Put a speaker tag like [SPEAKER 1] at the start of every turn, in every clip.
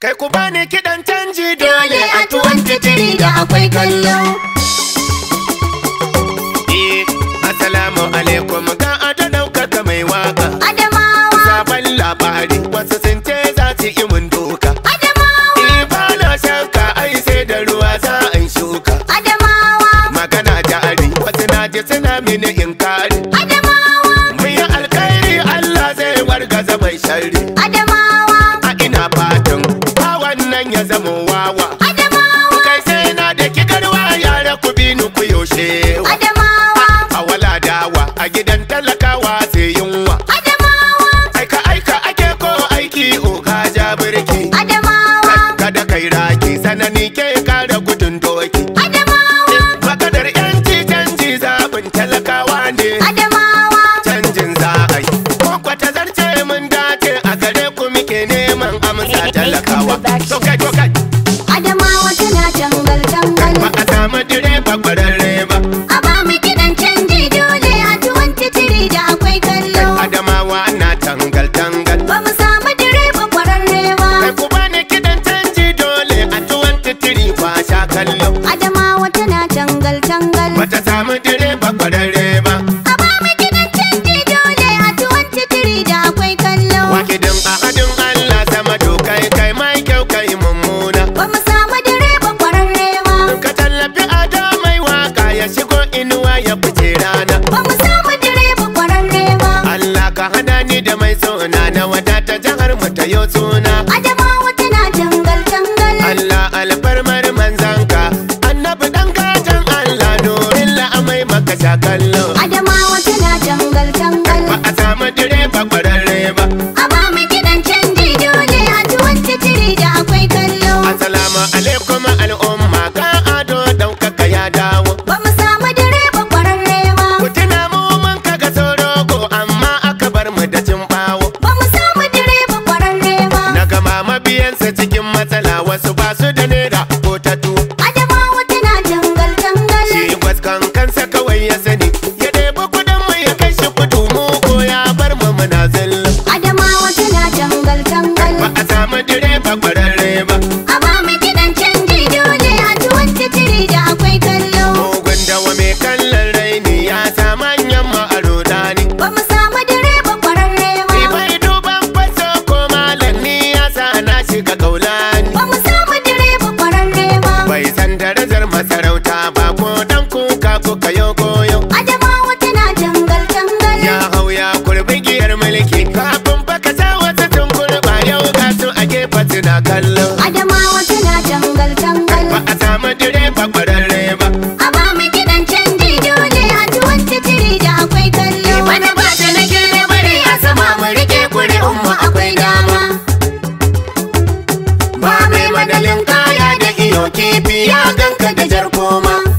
[SPEAKER 1] Kai ku bani kiɗan canji dole a tuwon 23 da akwai kallo. Eh, Assalamu alaikum ga ado ɗaukaka mai waka. Adamawa. Sabon labari wasu sun ce za su yi mun doka. Adamawa. Eh, ba na shanka ai sai da ruwa za a shuka.
[SPEAKER 2] Adamawa.
[SPEAKER 1] Magana jari wasu na ji suna mini in kare. Adamawa. Mun yi alkhairi Allah zai wargaza mai shari. Adamawa. A ina fatan wannan ya zama wawa adamawa kai sai na da kigarwa yara ku bi ni ku yaushe a wala dawa a gidan talakawa sai yunwa adamawa aika aika ake ko aiki oga ja birki adamawa kada kai raki sanani ke kara gudun doki adamawa makadar yanci canji zabin talakawa ne canjin za a yi ko zarce mun dace a gare ku muke neman amsa talaka Okay. sacan madalin kaya da iyo kifi ya ganka da jar koma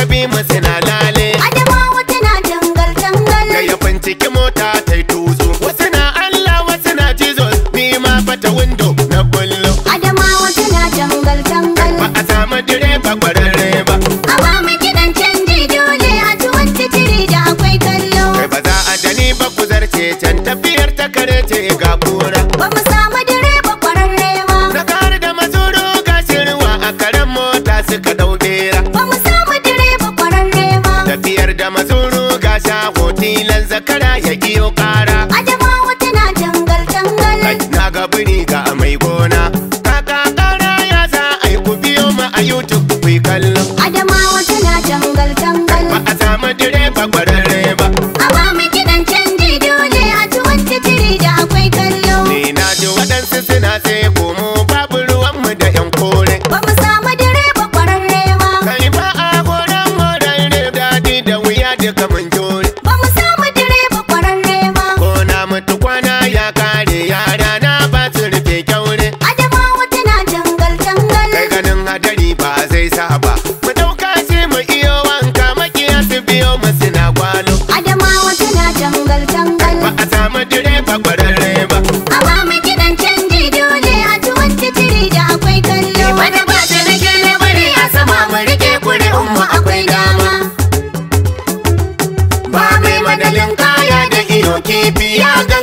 [SPEAKER 1] ka bi mu suna lale adamawa tana dangal dangal da ya binciki mota ta yi tuzo wasu na Allah wasu na Jesus ni ma fata window na
[SPEAKER 2] kullu adamawa tana dangal dangal ba a samu direba kwararre ba a ba mu gidan canji dole a ci tuwon titiri da akwai kallo kai ba za a
[SPEAKER 1] dani ba ku zarce can tafiyar ta kare ce ga kura ba mu samu direba kwararre ba na kare da mazuru ga shirwa a karen mota suka dauke zakara ya iyo kara adamawa tana jangal jangal na ga biri ga mai gona kaka kara ya za ai ku biyo ma a youtube ku kallon
[SPEAKER 2] adamawa tana jangal jangal ba a samu direba gwara
[SPEAKER 1] taba mu
[SPEAKER 2] dauka sai mu iyo wanka makiya su biyo
[SPEAKER 1] mu suna gwalo
[SPEAKER 2] adamawa tana
[SPEAKER 1] tangal tangal ba a samu
[SPEAKER 2] direba kwararre ba amma mu kidan canji dole a tuwon titiri da akwai kallo wani ba ta rike ne bari a sama mu rike kuri umma akwai dama ba mai madalin
[SPEAKER 1] kaya da iyo kifi ya ga